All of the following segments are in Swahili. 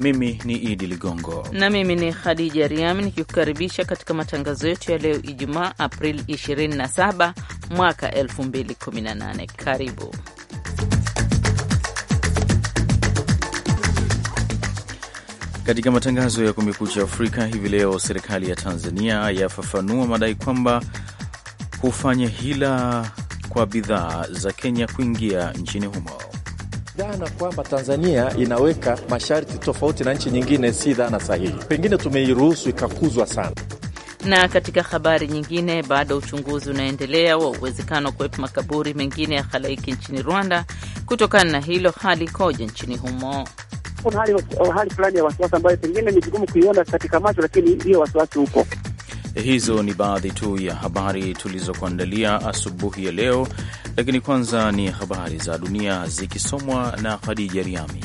Mimi ni Idi Ligongo na mimi ni Khadija Riami nikikukaribisha katika matangazo yetu ya leo Ijumaa, Aprili 27 mwaka 2018. Karibu katika matangazo ya Kumekucha Afrika. Hivi leo serikali ya Tanzania yafafanua madai kwamba hufanya hila kwa bidhaa za Kenya kuingia nchini humo. Dhana kwamba Tanzania inaweka masharti tofauti na nchi nyingine si dhana sahihi, pengine tumeiruhusu ikakuzwa sana. Na katika habari nyingine, bado uchunguzi unaendelea wa uwezekano wa kuwepo makaburi mengine ya halaiki nchini Rwanda. Kutokana na hilo, hali ikoje nchini humo? Hali fulani ya wasiwasi ambayo pengine ni vigumu kuiona katika macho, lakini hiyo wasiwasi huko. Hizo ni baadhi tu ya habari tulizokuandalia asubuhi ya leo, lakini kwanza ni habari za dunia zikisomwa na Khadija Riami.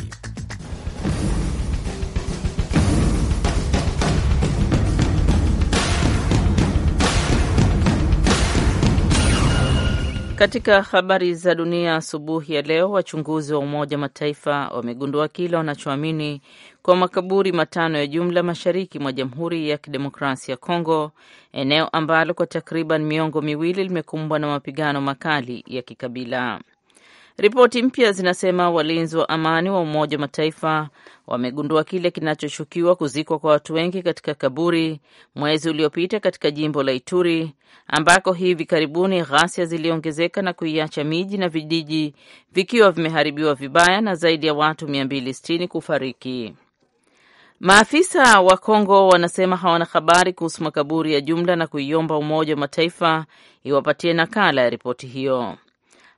Katika habari za dunia asubuhi ya leo, wachunguzi wa Umoja Mataifa wamegundua kile wanachoamini kwa makaburi matano ya jumla mashariki mwa Jamhuri ya Kidemokrasia ya Kongo, eneo ambalo kwa takriban miongo miwili limekumbwa na mapigano makali ya kikabila. Ripoti mpya zinasema walinzi wa amani wa Umoja wa Mataifa wamegundua kile kinachoshukiwa kuzikwa kwa watu wengi katika kaburi mwezi uliopita katika jimbo la Ituri ambako hivi karibuni ghasia ziliongezeka na kuiacha miji na vijiji vikiwa vimeharibiwa vibaya na zaidi ya watu 260 kufariki. Maafisa wa Kongo wanasema hawana habari kuhusu makaburi ya jumla na kuiomba Umoja wa Mataifa iwapatie nakala ya ripoti hiyo.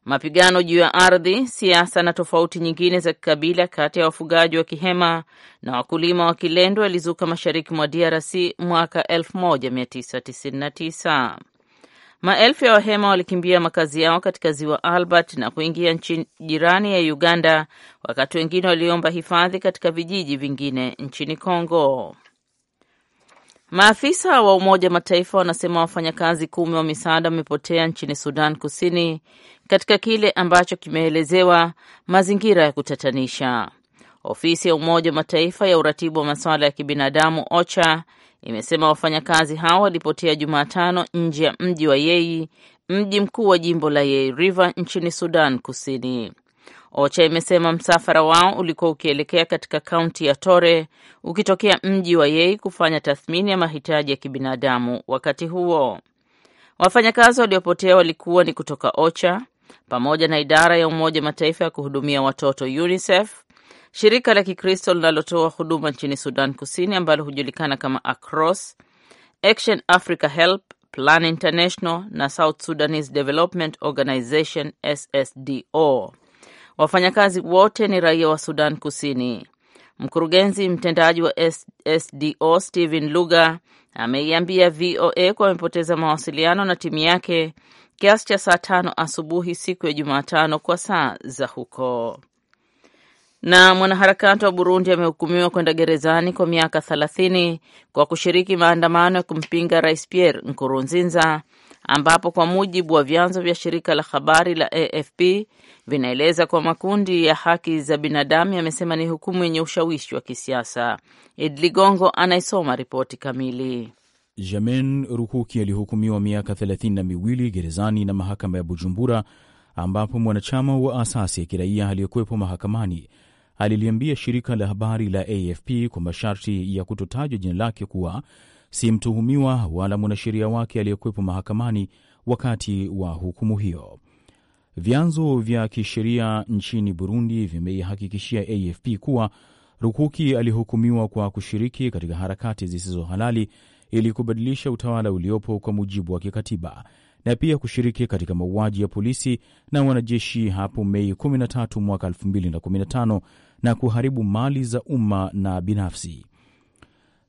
Mapigano juu ya ardhi, siasa na tofauti nyingine za kikabila kati ya wafugaji wa Kihema na wakulima wa Kilendo yalizuka mashariki mwa DRC mwaka 1999. Maelfu ya Wahema walikimbia makazi yao katika ziwa Albert na kuingia nchi jirani ya Uganda, wakati wengine waliomba hifadhi katika vijiji vingine nchini Kongo. Maafisa wa Umoja Mataifa wanasema wafanyakazi kumi wa misaada wamepotea nchini Sudan Kusini katika kile ambacho kimeelezewa mazingira ya kutatanisha. Ofisi ya Umoja wa Mataifa ya uratibu wa masuala ya kibinadamu OCHA imesema wafanyakazi hao walipotea Jumatano nje ya mji wa Yei, mji mkuu wa jimbo la Yei River nchini Sudan Kusini. OCHA imesema msafara wao ulikuwa ukielekea katika kaunti ya Tore ukitokea mji wa Yei kufanya tathmini ya mahitaji ya kibinadamu. Wakati huo wafanyakazi waliopotea walikuwa ni kutoka OCHA pamoja na idara ya Umoja Mataifa ya kuhudumia watoto UNICEF, shirika la Kikristo linalotoa huduma nchini Sudan Kusini ambalo hujulikana kama across Action Africa Help, Plan International na South Sudanese Development Organization SSDO. Wafanyakazi wote ni raia wa Sudan Kusini. Mkurugenzi mtendaji wa SDO Stephen Luga ameiambia VOA kuwa amepoteza mawasiliano na timu yake kiasi cha saa tano asubuhi siku ya Jumatano kwa saa za huko. Na mwanaharakati wa Burundi amehukumiwa kwenda gerezani kwa miaka thelathini kwa kushiriki maandamano ya kumpinga Rais Pierre Nkurunziza ambapo kwa mujibu wa vyanzo vya shirika la habari la AFP vinaeleza kwa makundi ya haki za binadamu yamesema ni hukumu yenye ushawishi wa kisiasa. Id Ligongo anayesoma ripoti kamili. Jamen Rukuki alihukumiwa miaka thelathini na miwili gerezani na mahakama ya Bujumbura, ambapo mwanachama wa asasi ya kiraia aliyekuwepo mahakamani aliliambia shirika la habari la AFP kwa masharti ya kutotajwa jina lake kuwa si mtuhumiwa wala mwanasheria wake aliyekuwepo mahakamani wakati wa hukumu hiyo. Vyanzo vya kisheria nchini Burundi vimeihakikishia AFP kuwa Rukuki alihukumiwa kwa kushiriki katika harakati zisizo halali ili kubadilisha utawala uliopo kwa mujibu wa kikatiba na pia kushiriki katika mauaji ya polisi na wanajeshi hapo Mei 13 mwaka 2015 na kuharibu mali za umma na binafsi.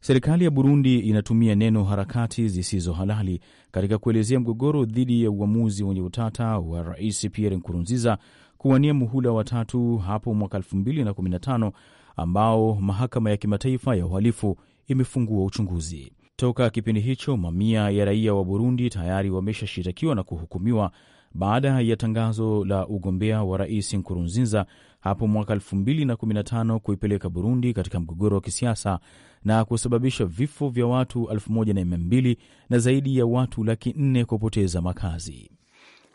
Serikali ya Burundi inatumia neno harakati zisizo halali katika kuelezea mgogoro dhidi ya uamuzi wenye utata wa Rais Pierre Nkurunziza kuwania muhula wa tatu hapo mwaka 2015 ambao mahakama ya kimataifa ya uhalifu imefungua uchunguzi. Toka kipindi hicho, mamia ya raia wa Burundi tayari wameshashitakiwa na kuhukumiwa baada ya tangazo la ugombea wa Rais Nkurunziza hapo mwaka 2015 kuipeleka Burundi katika mgogoro wa kisiasa na kusababisha vifo vya watu 1200 na zaidi ya watu laki nne kupoteza makazi.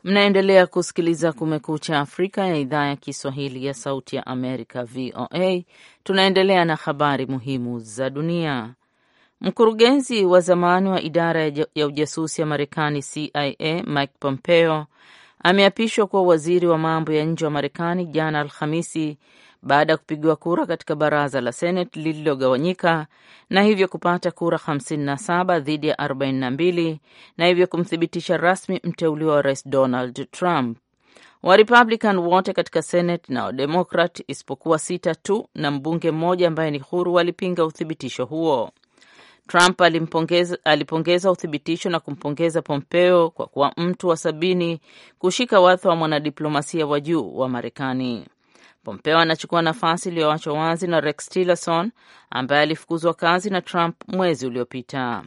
Mnaendelea kusikiliza Kumekucha Afrika ya idhaa ya Kiswahili ya Sauti ya Amerika, VOA. Tunaendelea na habari muhimu za dunia. Mkurugenzi wa zamani wa idara ya ujasusi ya Marekani, CIA, Mike Pompeo ameapishwa kuwa waziri wa mambo ya nje wa Marekani jana Alhamisi baada ya kupigiwa kura katika baraza la Senate lililogawanyika na hivyo kupata kura 57 dhidi ya 42 na hivyo kumthibitisha rasmi mteuliwa wa Rais Donald Trump. Warepublican wote katika Senate na Wademokrat isipokuwa sita tu na mbunge mmoja ambaye ni huru walipinga uthibitisho huo. Trump alipongeza uthibitisho na kumpongeza Pompeo kwa kuwa mtu wa sabini kushika wadhifa wa mwanadiplomasia wa juu wa Marekani. Pompeo anachukua nafasi iliyoachwa wazi na Rex Tillerson ambaye alifukuzwa kazi na Trump mwezi uliopita.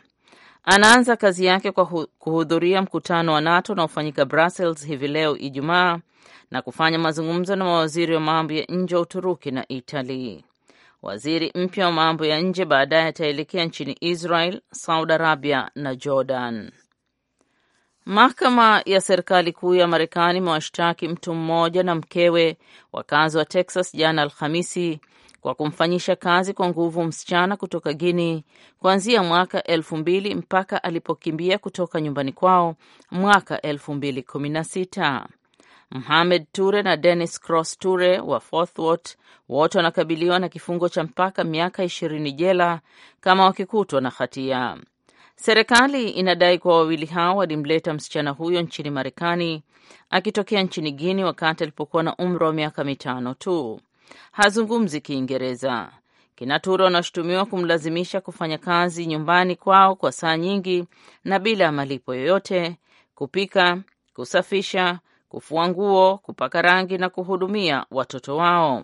Anaanza kazi yake kwa kuhudhuria mkutano wa NATO unaofanyika Brussels hivi leo Ijumaa na kufanya mazungumzo na mawaziri wa mambo ya nje wa Uturuki na Italy. Waziri mpya wa mambo ya nje baadaye ataelekea nchini Israel, Saudi Arabia na Jordan. Mahakama ya serikali kuu ya Marekani imewashtaki mtu mmoja na mkewe wakazi wa Texas jana Alhamisi kwa kumfanyisha kazi kwa nguvu msichana kutoka Guinea kuanzia mwaka elfu mbili mpaka alipokimbia kutoka nyumbani kwao mwaka elfu mbili kumi na sita. Mohamed Ture na Dennis Cross Ture wa Fort Worth wote wanakabiliwa na kifungo cha mpaka miaka ishirini jela kama wakikutwa na hatia. Serikali inadai kuwa wawili hao walimleta msichana huyo nchini Marekani akitokea nchini Guinea wakati alipokuwa na umri wa miaka mitano tu. Hazungumzi Kiingereza. Kina Ture wanashutumiwa kumlazimisha kufanya kazi nyumbani kwao kwa saa nyingi na bila ya malipo yoyote, kupika, kusafisha kufua nguo, kupaka rangi na kuhudumia watoto wao.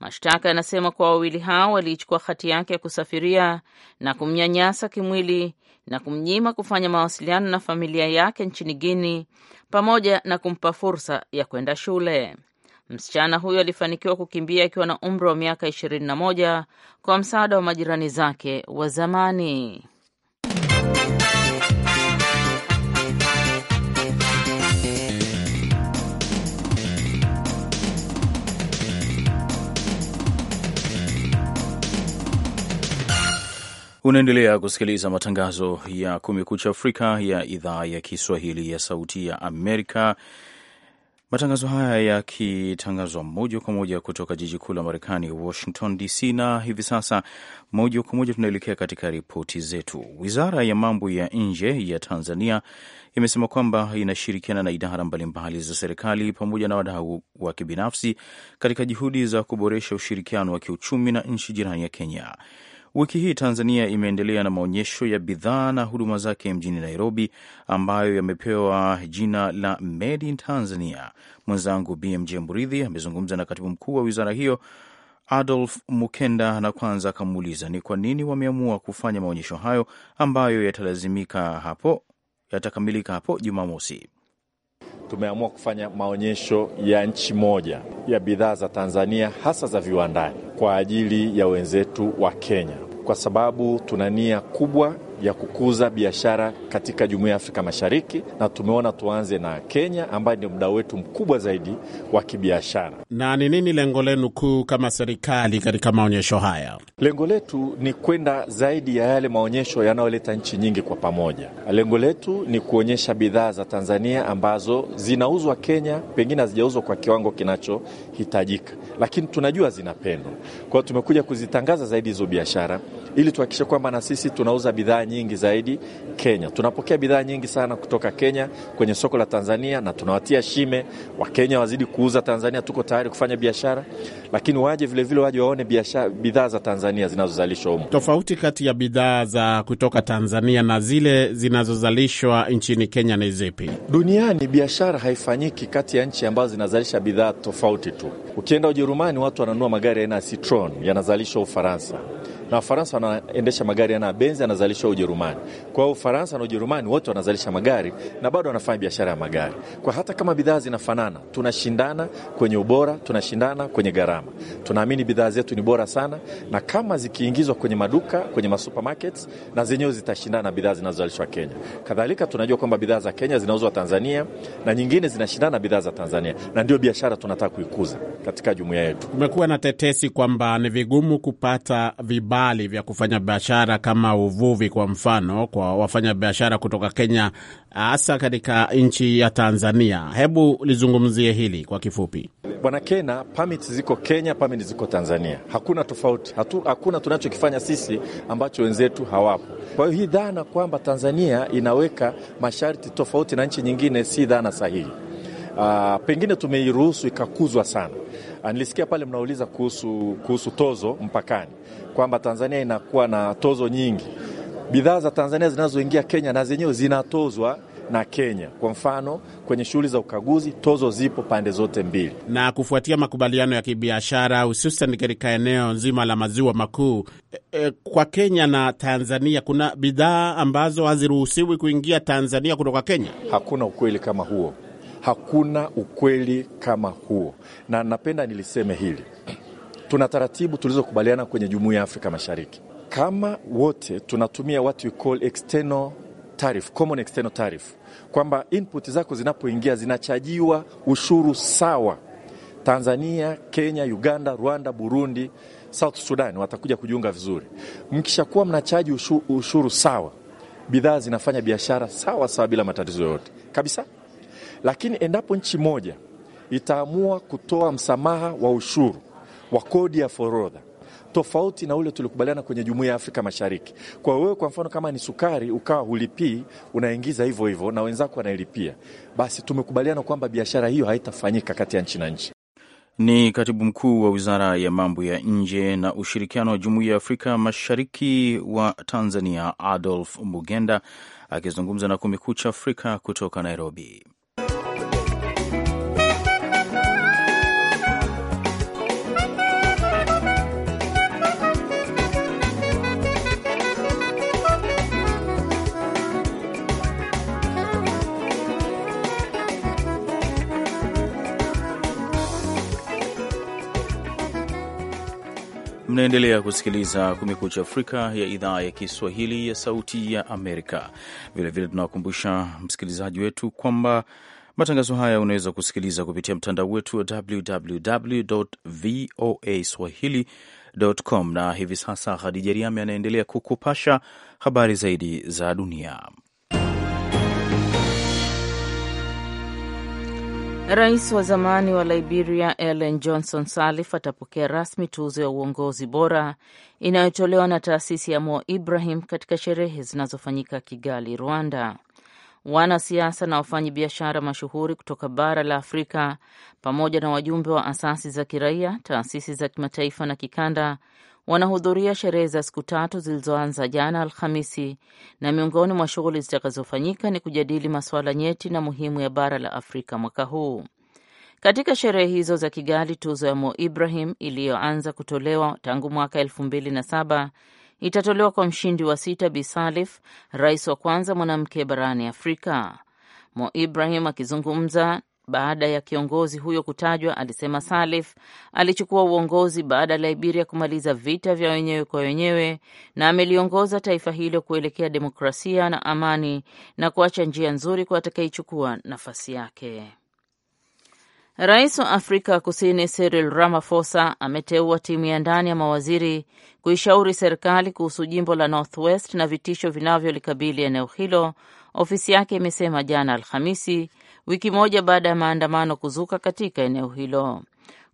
Mashtaka yanasema kuwa wawili hao waliichukua hati yake ya kusafiria na kumnyanyasa kimwili na kumnyima kufanya mawasiliano na familia yake nchini Guini pamoja na kumpa fursa ya kwenda shule. Msichana huyo alifanikiwa kukimbia akiwa na umri wa miaka 21 kwa msaada wa majirani zake wa zamani. Unaendelea kusikiliza matangazo ya Kumekucha Afrika ya idhaa ya Kiswahili ya Sauti ya Amerika. Matangazo haya yakitangazwa moja kwa moja kutoka jiji kuu la Marekani, Washington DC. Na hivi sasa moja kwa moja tunaelekea katika ripoti zetu. Wizara ya mambo ya nje ya Tanzania imesema kwamba inashirikiana na idara mbalimbali za serikali pamoja na wadau wa kibinafsi katika juhudi za kuboresha ushirikiano wa kiuchumi na nchi jirani ya Kenya. Wiki hii Tanzania imeendelea na maonyesho ya bidhaa na huduma zake mjini Nairobi, ambayo yamepewa jina la Made in Tanzania. Mwenzangu BMJ Mridhi amezungumza na katibu mkuu wa wizara hiyo Adolf Mukenda, na kwanza akamuuliza ni kwa nini wameamua kufanya maonyesho hayo ambayo yatalazimika hapo yatakamilika hapo Jumamosi. Tumeamua kufanya maonyesho ya nchi moja ya bidhaa za Tanzania hasa za viwandani kwa ajili ya wenzetu wa Kenya kwa sababu tuna nia kubwa ya kukuza biashara katika jumuiya ya Afrika Mashariki, na tumeona tuanze na Kenya ambaye ndio mdau wetu mkubwa zaidi wa kibiashara. Na ni nini lengo lenu kuu kama serikali katika maonyesho haya? Lengo letu ni kwenda zaidi ya yale maonyesho yanayoleta nchi nyingi kwa pamoja. Lengo letu ni kuonyesha bidhaa za Tanzania ambazo zinauzwa Kenya, pengine hazijauzwa kwa kiwango kinachohitajika, lakini tunajua zinapendwa. Kwa tumekuja kuzitangaza zaidi hizo biashara ili tuhakikishe kwamba na sisi tunauza bidhaa nyingi zaidi Kenya. Tunapokea bidhaa nyingi sana kutoka Kenya kwenye soko la Tanzania na tunawatia shime Wakenya wazidi kuuza Tanzania. Tuko tayari kufanya biashara, lakini waje vilevile waje waone biashara, bidhaa za Tanzania zinazozalishwa humo. Tofauti kati ya bidhaa za kutoka Tanzania na zile zinazozalishwa nchini Kenya ni zipi? Duniani biashara haifanyiki kati ya nchi ambazo zinazalisha bidhaa tofauti tu. Ukienda Ujerumani watu wananunua magari aina ya Citroen yanazalishwa Ufaransa na Ufaransa wanaendesha magari yana Benzi anazalishwa Ujerumani. Kwa hiyo Ufaransa na Ujerumani wote wanazalisha magari na bado wanafanya biashara ya magari. Kwa hata kama bidhaa zinafanana, tunashindana kwenye ubora, tunashindana kwenye gharama. Tunaamini bidhaa zetu ni bora sana, na kama zikiingizwa kwenye maduka, kwenye masupermarkets, na zenyewe zitashindana bidhaa zinazozalishwa Kenya. Kadhalika tunajua kwamba bidhaa za Kenya zinauzwa Tanzania na nyingine zinashindana bidhaa za Tanzania, na ndio biashara tunataka kuikuza katika jumuiya yetu. Kumekuwa na tetesi kwamba ni vigumu kupata viba vibali vya kufanya biashara kama uvuvi, kwa mfano, kwa wafanyabiashara kutoka Kenya, hasa katika nchi ya Tanzania. Hebu lizungumzie hili kwa kifupi, Bwana Kena. Permit ziko Kenya, permit ziko Tanzania, hakuna tofauti hatu, hakuna tunachokifanya sisi ambacho wenzetu hawapo. Kwa hiyo hii dhana kwamba Tanzania inaweka masharti tofauti na nchi nyingine si dhana sahihi. Uh, pengine tumeiruhusu ikakuzwa sana Ah, nilisikia pale mnauliza kuhusu, kuhusu tozo mpakani kwamba Tanzania inakuwa na tozo nyingi. Bidhaa za Tanzania zinazoingia Kenya na zenyewe zinatozwa na Kenya. Kwa mfano, kwenye shughuli za ukaguzi tozo zipo pande zote mbili. Na kufuatia makubaliano ya kibiashara hususan katika eneo nzima la maziwa makuu e, e, kwa Kenya na Tanzania kuna bidhaa ambazo haziruhusiwi kuingia Tanzania kutoka Kenya. Hakuna ukweli kama huo. Hakuna ukweli kama huo, na napenda niliseme hili. Tuna taratibu tulizokubaliana kwenye Jumuiya ya Afrika Mashariki, kama wote tunatumia what we call external tariff, common external tariff, kwamba input zako zinapoingia zinachajiwa ushuru sawa. Tanzania, Kenya, Uganda, Rwanda, Burundi, South Sudan watakuja kujiunga vizuri. Mkishakuwa mnachaji ushuru, ushuru sawa, bidhaa zinafanya biashara sawa sawa bila matatizo yoyote kabisa. Lakini endapo nchi moja itaamua kutoa msamaha wa ushuru wa kodi ya forodha tofauti na ule tulikubaliana kwenye Jumuiya ya Afrika Mashariki. Kwa wewe, kwa mfano, kama ni sukari ukawa hulipii, unaingiza hivyo hivyo na wenzako wanailipia, basi tumekubaliana kwamba biashara hiyo haitafanyika kati ya nchi na nchi. Ni katibu mkuu wa Wizara ya Mambo ya Nje na Ushirikiano wa Jumuiya ya Afrika Mashariki wa Tanzania, Adolf Mugenda, akizungumza na Kumekucha Afrika kutoka Nairobi. Mnaendelea kusikiliza Kumekucha Afrika ya idhaa ya Kiswahili ya Sauti ya Amerika. Vilevile tunawakumbusha msikilizaji wetu kwamba matangazo haya unaweza kusikiliza kupitia mtandao wetu wa www voa swahili.com, na hivi sasa Khadija Riami anaendelea kukupasha habari zaidi za dunia. Rais wa zamani wa Liberia Ellen Johnson Sirleaf atapokea rasmi tuzo ya uongozi bora inayotolewa na taasisi ya Mo Ibrahim katika sherehe zinazofanyika Kigali, Rwanda. Wanasiasa na wafanyi biashara mashuhuri kutoka bara la Afrika pamoja na wajumbe wa asasi za kiraia, taasisi za kimataifa na kikanda wanahudhuria sherehe za siku tatu zilizoanza jana Alhamisi, na miongoni mwa shughuli zitakazofanyika ni kujadili masuala nyeti na muhimu ya bara la Afrika mwaka huu. Katika sherehe hizo za Kigali, tuzo ya Mo Ibrahim iliyoanza kutolewa tangu mwaka elfu mbili na saba itatolewa kwa mshindi wa sita Bi Salif, rais wa kwanza mwanamke barani Afrika. Mo Ibrahim akizungumza baada ya kiongozi huyo kutajwa, alisema Salif alichukua uongozi baada ya Liberia kumaliza vita vya wenyewe kwa wenyewe na ameliongoza taifa hilo kuelekea demokrasia na amani na kuacha njia nzuri kwa atakayechukua nafasi yake. Rais wa Afrika Kusini Cyril Ramaphosa ameteua timu ya ndani ya mawaziri kuishauri serikali kuhusu jimbo la Northwest na vitisho vinavyolikabili eneo hilo, ofisi yake imesema jana Alhamisi wiki moja baada ya maandamano kuzuka katika eneo hilo.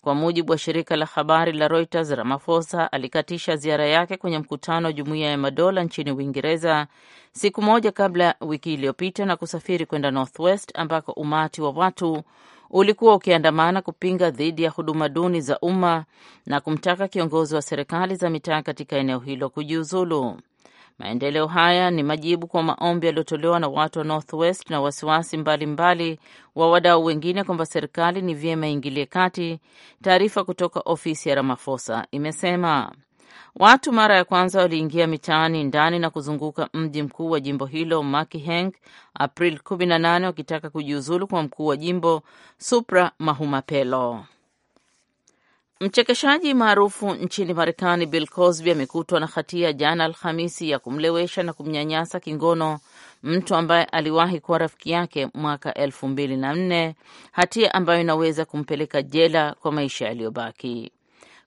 Kwa mujibu wa shirika la habari la Reuters, Ramaphosa alikatisha ziara yake kwenye mkutano wa Jumuiya ya Madola nchini Uingereza siku moja kabla wiki iliyopita na kusafiri kwenda Northwest ambako umati wa watu ulikuwa ukiandamana kupinga dhidi ya huduma duni za umma na kumtaka kiongozi wa serikali za mitaa katika eneo hilo kujiuzulu. Maendeleo haya ni majibu kwa maombi yaliyotolewa na watu wa Northwest na wasiwasi mbalimbali mbali wa wadau wengine kwamba serikali ni vyema ingilie kati. Taarifa kutoka ofisi ya ramafosa imesema watu mara ya kwanza waliingia mitaani ndani na kuzunguka mji mkuu wa jimbo hilo Makiheng April 18 wakitaka kujiuzulu kwa mkuu wa jimbo Supra Mahumapelo. Mchekeshaji maarufu nchini Marekani Bill Cosby amekutwa na hatia jana Alhamisi ya kumlewesha na kumnyanyasa kingono mtu ambaye aliwahi kuwa rafiki yake mwaka elfu mbili na nne, hatia ambayo inaweza kumpeleka jela kwa maisha yaliyobaki.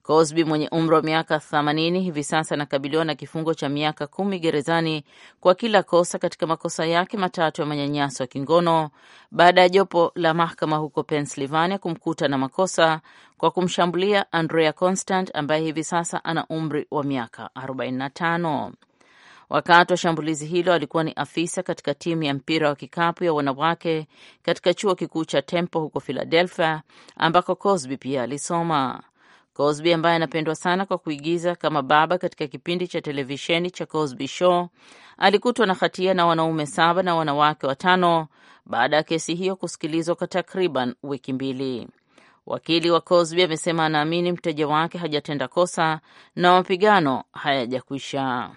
Cosby mwenye umri wa miaka 80 hivi sasa anakabiliwa na kifungo cha miaka kumi gerezani kwa kila kosa katika makosa yake matatu ya manyanyaso ya kingono baada ya jopo la mahakama huko Pennsylvania kumkuta na makosa kwa kumshambulia Andrea Constant ambaye hivi sasa ana umri wa miaka 45. Wakati wa shambulizi hilo alikuwa ni afisa katika timu ya mpira wa kikapu ya wanawake katika chuo kikuu cha Temple huko Philadelphia ambako Cosby pia alisoma. Cosby ambaye anapendwa sana kwa kuigiza kama baba katika kipindi cha televisheni cha Cosby Show alikutwa na hatia na wanaume saba na wanawake watano baada ya kesi hiyo kusikilizwa kwa takriban wiki mbili. Wakili wa Cosby amesema anaamini mteja wake hajatenda kosa na mapigano hayajakwisha.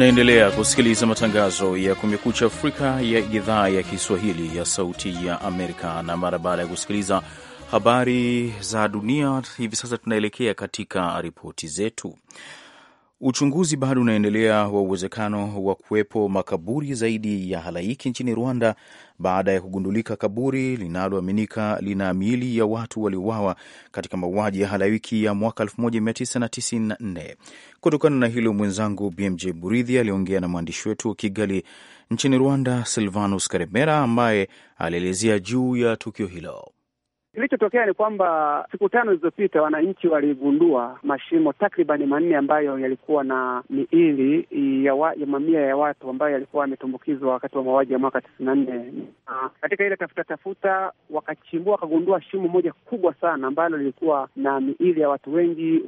Mnaendelea kusikiliza matangazo ya Kumekucha Afrika ya idhaa ya Kiswahili ya Sauti ya Amerika, na mara baada ya kusikiliza habari za dunia, hivi sasa tunaelekea katika ripoti zetu. Uchunguzi bado unaendelea wa uwezekano wa kuwepo makaburi zaidi ya halaiki nchini Rwanda baada ya kugundulika kaburi linaloaminika lina miili ya watu waliouawa katika mauaji ya halaiki ya mwaka 1994. Kutokana na hilo, mwenzangu BMJ Buridhi aliongea na mwandishi wetu wa Kigali nchini Rwanda, Silvanus Karemera, ambaye alielezea juu ya tukio hilo. Kilichotokea ni kwamba siku tano zilizopita wananchi waligundua mashimo takribani manne ambayo yalikuwa na miili ya, ya mamia ya watu ambayo yalikuwa yametumbukizwa wakati wa mauaji ya mwaka tisini na nne. Katika ile tafuta tafuta wakachimbua wakagundua shimo moja kubwa sana ambalo lilikuwa na miili ya watu wengi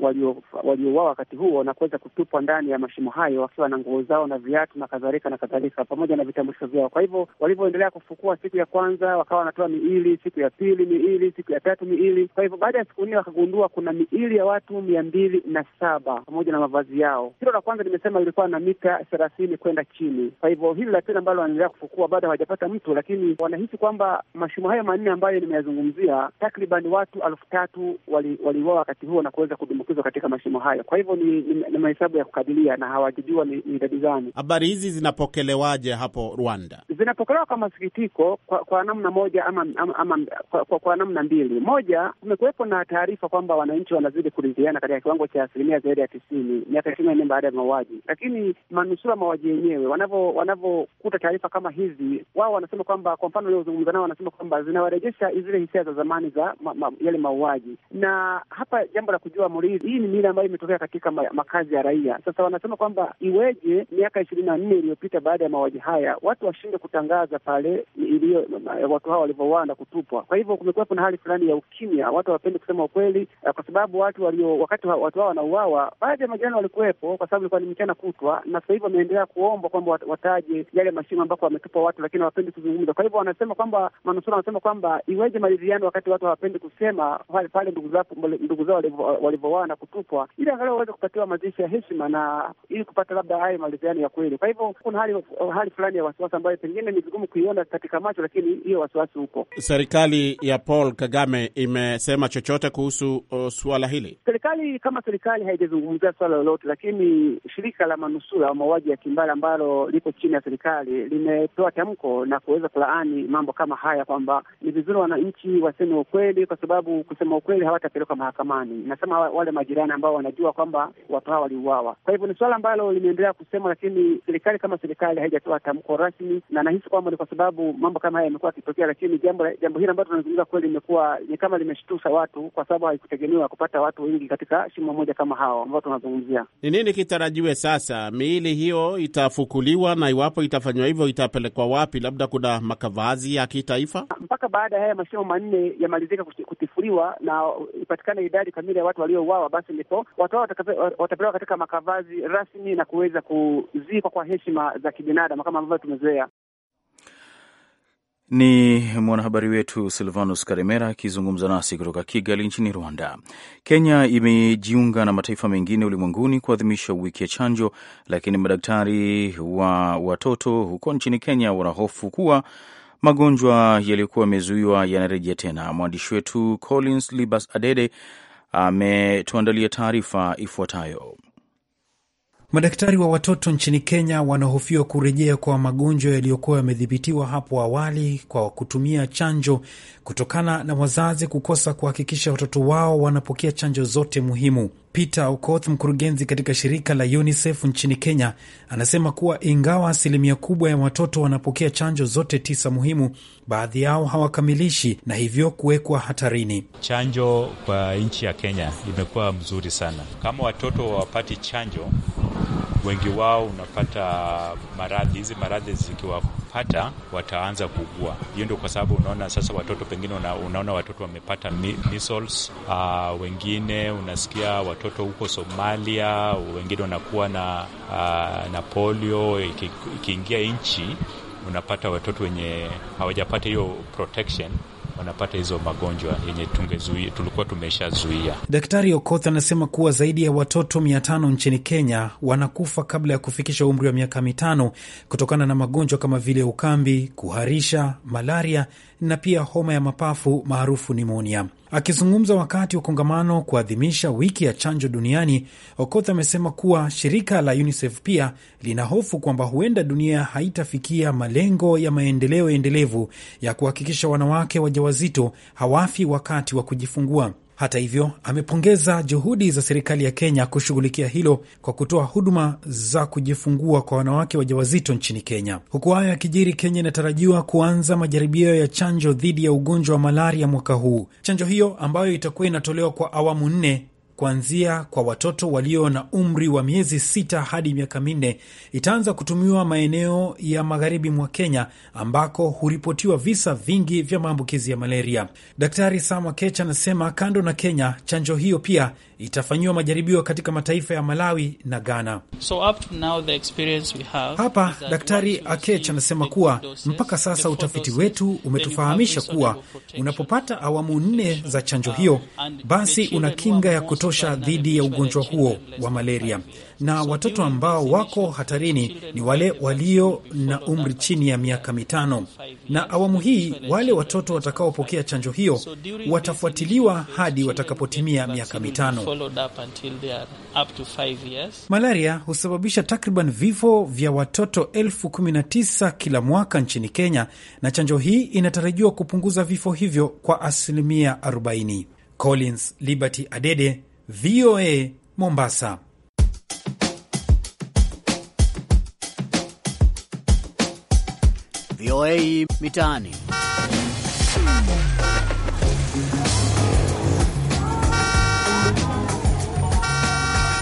waliouawa wakati huo na kuweza kutupwa ndani ya mashimo hayo wakiwa na nguo zao na viatu na kadhalika na kadhalika, pamoja na vitambulisho vyao. Kwa hivyo walivyoendelea kufukua siku ya kwanza wakawa wanatoa miili, siku ya pili miili siku ya tatu miili. Kwa hivyo baada ya siku nne wakagundua kuna miili ya watu mia mbili na saba pamoja na mavazi yao. Hilo la kwanza limesema lilikuwa na mita thelathini kwenda chini. Kwa hivyo hili la pili ambalo wanaendelea kufukua bado hawajapata mtu, lakini wanahisi kwamba mashimo hayo manne ambayo nimeyazungumzia, takriban watu elfu tatu waliuawa wali wakati huo na kuweza kudumbukizwa katika mashimo hayo. Kwa hivyo ni, ni, ni mahesabu ya kukadiria na hawajijua ni idadi gani. Habari hizi zinapokelewaje hapo Rwanda? Zinapokelewa kwa masikitiko kwa, kwa namna moja ama, ama, ama kwa, kwa, kwa namna na mbili. Moja, kumekuwepo na taarifa kwamba wananchi wanazidi kuridhiana katika kiwango cha asilimia zaidi ya tisini miaka ishirini na nne baada ya mauaji, lakini manusura mauaji yenyewe wanavyokuta taarifa kama hizi, wao wanasema kwamba, kwa mfano uliozungumza nao, wanasema kwamba zinawarejesha zile hisia za zamani za ma, ma, yale mauaji. Na hapa jambo la kujua mrizi, hii ni mila ambayo imetokea katika ma, makazi ya raia. Sasa wanasema kwamba iweje miaka ishirini na nne iliyopita baada ya mauaji haya watu washinde kutangaza pale iliyo watu hao na kutupwa. Kwa hivyo kumekuwepo na hali fulani ya ukimya, watu hawapendi kusema ukweli, eh, kwa sababu watu walio wakati wa, watu hao wanauawa, baadhi ya majirani walikuwepo, kwa sababu ilikuwa ni mchana kutwa, na sasa hivi wameendelea kuomba kwamba wataje yale mashimo ambako wametupa watu, lakini hawapendi kuzungumza. Kwa hivyo wanasema kwamba, manusura wanasema kwamba iweje maridhiano wakati watu hawapendi kusema pale pale ndugu zao walivyowawa na kutupwa, ili angalau waweze kupatiwa mazishi ya heshima na ili kupata labda haya maridhiano ya kweli. Kwa hivyo kuna hali, hali fulani ya wasiwasi ambayo pengine ni vigumu kuiona katika macho, lakini hiyo wasiwasi huko. Serikali ya Paul Kagame imesema chochote kuhusu uh, suala hili? Serikali kama serikali haijazungumzia suala lolote, lakini shirika la manusura wa mauaji ya kimbali ambalo liko chini ya serikali limetoa tamko na kuweza kulaani mambo kama haya, kwamba ni vizuri wananchi waseme ukweli, kwa sababu kusema ukweli hawatapelekwa mahakamani. Nasema wale majirani ambao wanajua kwamba watu hawa waliuawa. Kwa hivyo ni suala ambalo limeendelea kusema, lakini serikali kama serikali haijatoa tamko rasmi, na nahisi kwamba ni kwa sababu mambo kama haya yamekuwa yakitokea, lakini jambo jambo hili ambalo tunazungumza kweli imekuwa limekuwa ni kama limeshtusa watu, kwa sababu haikutegemewa kupata watu wengi katika shimo moja kama hao ambao tunazungumzia. Ni nini kitarajiwe sasa? Miili hiyo itafukuliwa, na iwapo itafanywa hivyo itapelekwa wapi? Labda kuna makavazi ya kitaifa mpaka baada ya haya mashimo manne yamalizika kutifuliwa na ipatikane idadi kamili ya watu waliouawa, basi ndipo watu hao watapelekwa katika makavazi rasmi na kuweza kuzikwa kwa heshima za kibinadamu kama ambavyo tumezoea. Ni mwanahabari wetu Silvanus Karemera akizungumza nasi kutoka Kigali nchini Rwanda. Kenya imejiunga na mataifa mengine ulimwenguni kuadhimisha wiki ya chanjo, lakini madaktari wa watoto huko nchini Kenya wanahofu kuwa magonjwa yaliyokuwa yamezuiwa yanarejea tena. Mwandishi wetu Collins Libas Adede ametuandalia taarifa ifuatayo. Madaktari wa watoto nchini Kenya wanahofiwa kurejea kwa magonjwa yaliyokuwa yamedhibitiwa hapo awali kwa kutumia chanjo kutokana na wazazi kukosa kuhakikisha watoto wao wanapokea chanjo zote muhimu. Peter Okoth, mkurugenzi katika shirika la UNICEF nchini Kenya, anasema kuwa ingawa asilimia kubwa ya watoto wanapokea chanjo zote tisa muhimu, baadhi yao hawakamilishi na hivyo kuwekwa hatarini. Chanjo kwa nchi ya Kenya imekuwa mzuri sana. Kama watoto hawapati chanjo wengi wao unapata maradhi, hizi maradhi zikiwapata wataanza kuugua. Hiyo ndio kwa sababu unaona sasa watoto pengine una, unaona watoto wamepata measles. Uh, wengine unasikia watoto huko Somalia, wengine wanakuwa na, uh, na polio ikiingia iki nchi unapata watoto wenye hawajapata hiyo protection wanapata hizo magonjwa yenye tulikuwa tumeshazuia. Daktari Okoth anasema kuwa zaidi ya watoto mia tano nchini Kenya wanakufa kabla ya kufikisha umri wa miaka mitano kutokana na magonjwa kama vile ukambi, kuharisha, malaria na pia homa ya mapafu maarufu nimonia. Akizungumza wakati wa kongamano kuadhimisha wiki ya chanjo duniani, Okoth amesema kuwa shirika la UNICEF pia lina hofu kwamba huenda dunia haitafikia malengo ya maendeleo endelevu ya kuhakikisha wanawake wajawazito hawafi wakati wa kujifungua. Hata hivyo, amepongeza juhudi za serikali ya Kenya kushughulikia hilo kwa kutoa huduma za kujifungua kwa wanawake wajawazito nchini Kenya. Huku hayo yakijiri, Kenya inatarajiwa kuanza majaribio ya chanjo dhidi ya ugonjwa wa malaria mwaka huu. Chanjo hiyo ambayo itakuwa inatolewa kwa awamu nne kuanzia kwa watoto walio na umri wa miezi sita hadi miaka minne itaanza kutumiwa maeneo ya magharibi mwa Kenya ambako huripotiwa visa vingi vya maambukizi ya malaria. Daktari Sam Wakech anasema kando na Kenya, chanjo hiyo pia itafanyiwa majaribio katika mataifa ya Malawi na Ghana. So up to now the experience we have, hapa Daktari Akech anasema kuwa mpaka sasa utafiti wetu umetufahamisha kuwa unapopata awamu nne za chanjo hiyo, basi una kinga ya kutosha kutosha dhidi ya ugonjwa huo wa malaria, na watoto ambao wako hatarini ni wale walio na umri chini ya miaka mitano. Na awamu hii wale watoto watakaopokea chanjo hiyo watafuatiliwa hadi watakapotimia miaka mitano. Malaria husababisha takriban vifo vya watoto elfu kumi na tisa kila mwaka nchini Kenya, na chanjo hii inatarajiwa kupunguza vifo hivyo kwa asilimia 40. Collins Liberty Adede, VOA Mombasa. VOA Mitaani.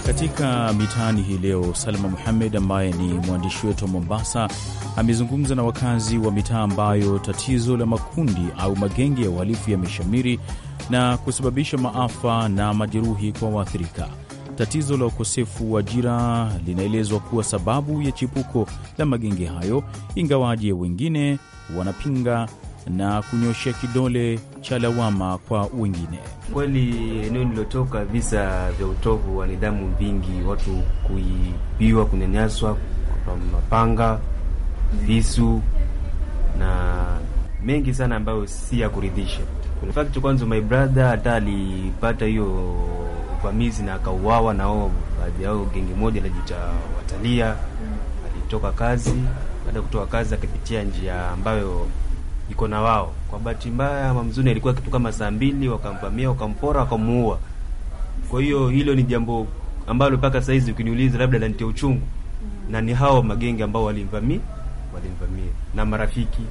Katika mitaani hii leo, Salma Muhamed ambaye ni mwandishi wetu wa Mombasa amezungumza na wakazi wa mitaa ambayo tatizo la makundi au magenge ya uhalifu yameshamiri na kusababisha maafa na majeruhi kwa waathirika. Tatizo la ukosefu wa ajira linaelezwa kuwa sababu ya chipuko la magenge hayo, ingawaje wengine wanapinga na kunyoshea kidole cha lawama kwa wengine. Kweli eneo nililotoka, visa vya utovu wa nidhamu vingi, watu kuibiwa, kunyanyaswa kwa mapanga, visu na mengi sana ambayo si ya kuridhisha fact kwanza, my brother hata alipata hiyo uvamizi na akauawa, na wao baadhi yao genge moja jita Watalia. Alitoka kazi, baada ya kutoka kazi akapitia njia ambayo iko na wao. Kwa bahati mbaya ama mzuri, alikuwa kitu kama saa mbili, wakamvamia, wakampora, wakamuua. Kwa hiyo hilo ni jambo ambalo mpaka saa hizi ukiniuliza, labda lanitia uchungu, na ni hao magenge ambao walimvamia walimvamia na marafiki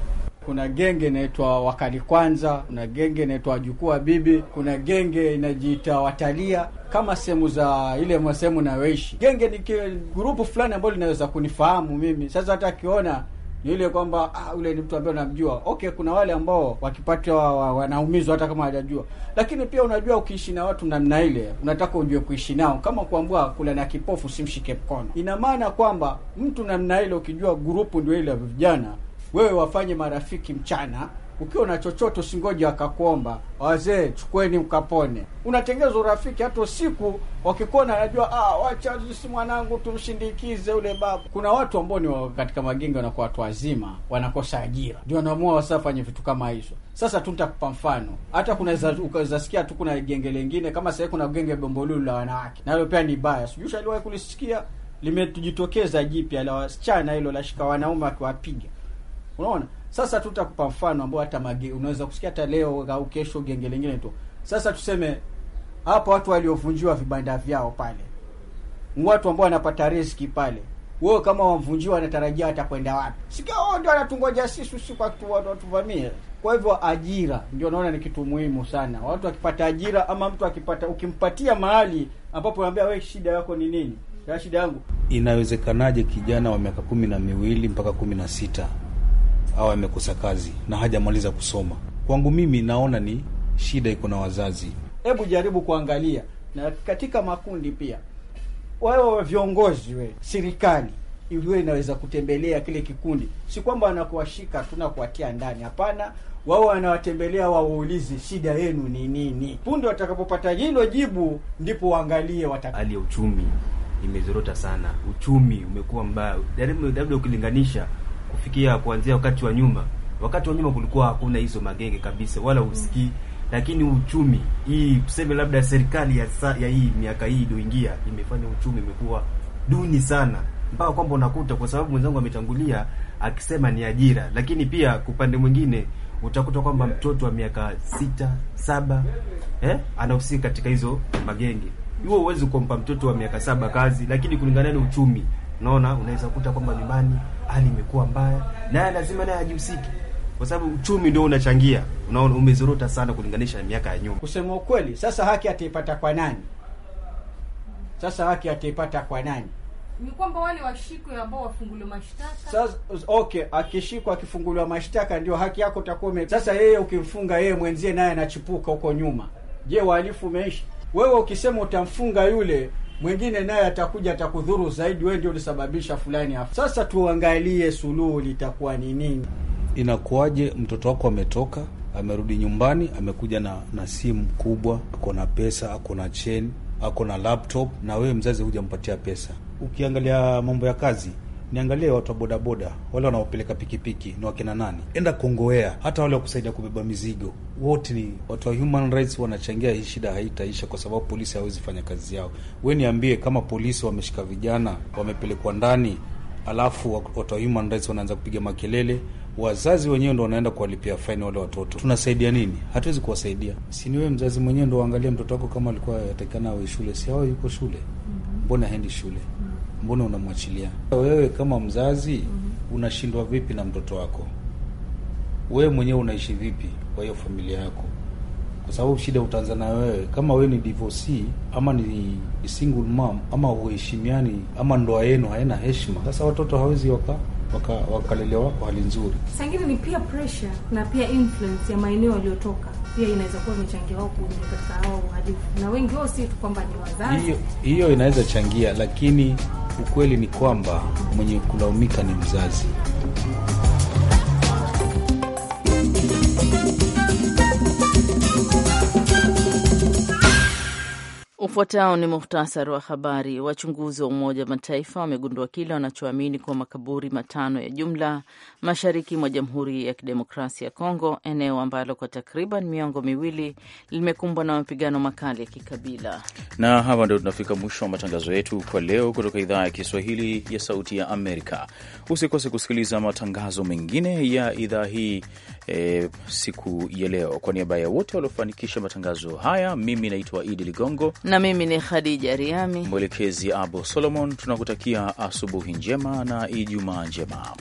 kuna genge inaitwa Wakali Kwanza, kuna genge inaitwa Wajukuu wa Bibi, kuna genge inajiita Watalia, kama sehemu za ile sehemu nayoishi. Genge ni grupu fulani ambayo linaweza kunifahamu mimi. Sasa hata akiona ni ile kwamba ah, ule ni mtu ambaye unamjua. Okay, kuna wale ambao wakipata wanaumizwa hata kama hawajajua, lakini pia unajua, ukiishi na watu namna ile unataka ujue kuishi nao, kama kuambua kula na kipofu simshike mkono. Ina maana kwamba mtu namna ile ukijua grupu ndio ile ya vijana wewe wafanye marafiki mchana ukiwa na chochote usingoje wakakuomba, wazee chukweni mkapone. Unatengeza urafiki hata usiku wakikuona, najua ah, wacha sisi mwanangu tumshindikize ule baba. Kuna watu ambao ni katika magenge wanakuwa watu wazima, wanakosa ajira, ndio wanaamua wasafanye vitu kama hizo. Sasa tu nitakupa mfano, hata kuna tu, kuna genge lingine kama sahii, kuna genge Bombolulu la wanawake, nalo pia ni baya, sijui shaliwahi kulisikia, limetujitokeza jipya la wasichana hilo, lashika wanaume wakiwapiga Unaona, sasa tutakupa mfano ambao hata mage unaweza kusikia hata leo au kesho genge lingine tu. Sasa tuseme hapo watu waliovunjiwa vibanda vyao pale, Ni watu ambao wanapata riski pale, wewe kama wamvunjiwa, anatarajia atakwenda wapi? Sikia wao oh, ndio wanatungoja sisi, sisi kwa kitu watu watuvamie. Kwa hivyo ajira ndio naona ni kitu muhimu sana. Watu wakipata ajira ama mtu akipata, ukimpatia mahali ambapo unaambia wewe shida yako ni nini, ya shida yangu, inawezekanaje kijana wa miaka kumi na miwili mpaka kumi na sita au amekosa kazi na hajamaliza kusoma. Kwangu mimi naona ni shida iko na wazazi. Hebu jaribu kuangalia na katika makundi pia, wao viongozi, we serikali iwe inaweza kutembelea kile kikundi, si kwamba wanakuwashika tuna kuwatia ndani, hapana. Wao wanawatembelea wawaulize, shida yenu ni nini? Punde watakapopata hilo jibu, ndipo waangalie watak... Hali ya uchumi imezorota sana, uchumi umekuwa mbaya, yaani, labda ukilinganisha kufikia kuanzia wakati wa nyuma, wakati wa nyuma kulikuwa hakuna hizo magenge kabisa, wala usikii lakini uchumi hii tuseme labda serikali ya, sa, ya hii miaka hii iliyoingia imefanya uchumi imekuwa duni sana, mpaka kwamba unakuta kwa sababu mwenzangu ametangulia akisema ni ajira, lakini pia kwa upande mwingine utakuta kwamba mtoto wa miaka sita saba eh, anahusika katika hizo magenge. Huo huwezi kumpa mtoto wa miaka saba kazi, lakini kulingana na uchumi Unaona, unaweza kukuta kwamba nyumbani hali imekuwa mbaya, naye lazima naye ajihusike kwa sababu uchumi ndio unachangia. Unaona, umezorota sana kulinganisha na miaka ya nyuma. Kusema ukweli, sasa haki ataipata kwa nani? Sasa haki ataipata kwa nani? Ni kwamba wale washikwe ambao wafunguliwa mashtaka. Sasa okay, akishikwa akifunguliwa mashtaka ndio haki yako utakuwa ume. Sasa yeye ukimfunga yeye mwenzie naye anachipuka huko nyuma. Je, wahalifu umeishi? Wewe ukisema utamfunga yule mwingine naye atakuja atakudhuru zaidi, wewe ndio ulisababisha fulani hapa. Sasa tuangalie suluhu litakuwa ni nini. Inakuwaje mtoto wako ametoka amerudi nyumbani, amekuja na, na simu kubwa, ako na pesa, ako na cheni, ako na laptop, na wewe mzazi hujampatia pesa. Ukiangalia mambo ya kazi niangalie watu wa bodaboda wale wanaopeleka pikipiki ni wakina nani? Enda Kongoea, hata wale wakusaidia kubeba mizigo, wote ni watu wa human rights, wanachangia. Hii shida haitaisha kwa sababu polisi hawezi fanya kazi yao. We niambie, kama polisi wameshika vijana wamepelekwa ndani, alafu watu wa human rights wanaanza kupiga makelele wazazi wenyewe ndo wanaenda kuwalipia faini wale watoto, tunasaidia nini? Hatuwezi kuwasaidia. Si ni wewe mzazi mwenyewe ndo waangalie mtoto wako, kama alikuwa atakikana awe shule, si awe yuko shule? Mm-hmm. Mbona haendi shule? mbona unamwachilia? Wewe kama mzazi mm -hmm. unashindwa vipi na mtoto wako? Wewe mwenyewe unaishi vipi kwa hiyo familia yako? Kwa sababu shida utaanza na wewe. Kama wewe ni divorcee ama ni single mom ama uheshimiani ama ndoa yenu haina heshima, sasa watoto hawezi waka waka wakalelewa kwa hali nzuri. Sangine ni pia pressure na pia influence ya maeneo waliotoka pia inaweza kuwa imechangia wao kuingia katika hao uhalifu, na wengi wao si tu kwamba ni wazazi. hiyo Hiyo inaweza changia, lakini Ukweli ni kwamba mwenye kulaumika ni mzazi. Ufuatao ni muhtasari wa habari. Wachunguzi wa Umoja wa Mataifa wamegundua kile wanachoamini kuwa makaburi matano ya jumla mashariki mwa Jamhuri ya Kidemokrasia ya Kongo, eneo ambalo kwa takriban miongo miwili limekumbwa na mapigano makali ya kikabila. Na hapa ndio tunafika mwisho wa matangazo yetu kwa leo kutoka idhaa ya Kiswahili ya Sauti ya Amerika. Usikose kusikiliza matangazo mengine ya idhaa hii e, siku ya leo. Kwa niaba ya wote waliofanikisha matangazo haya, mimi naitwa Idi Ligongo na mimi ni Khadija Riami, mwelekezi Abu Solomon. Tunakutakia asubuhi njema na Ijumaa njema.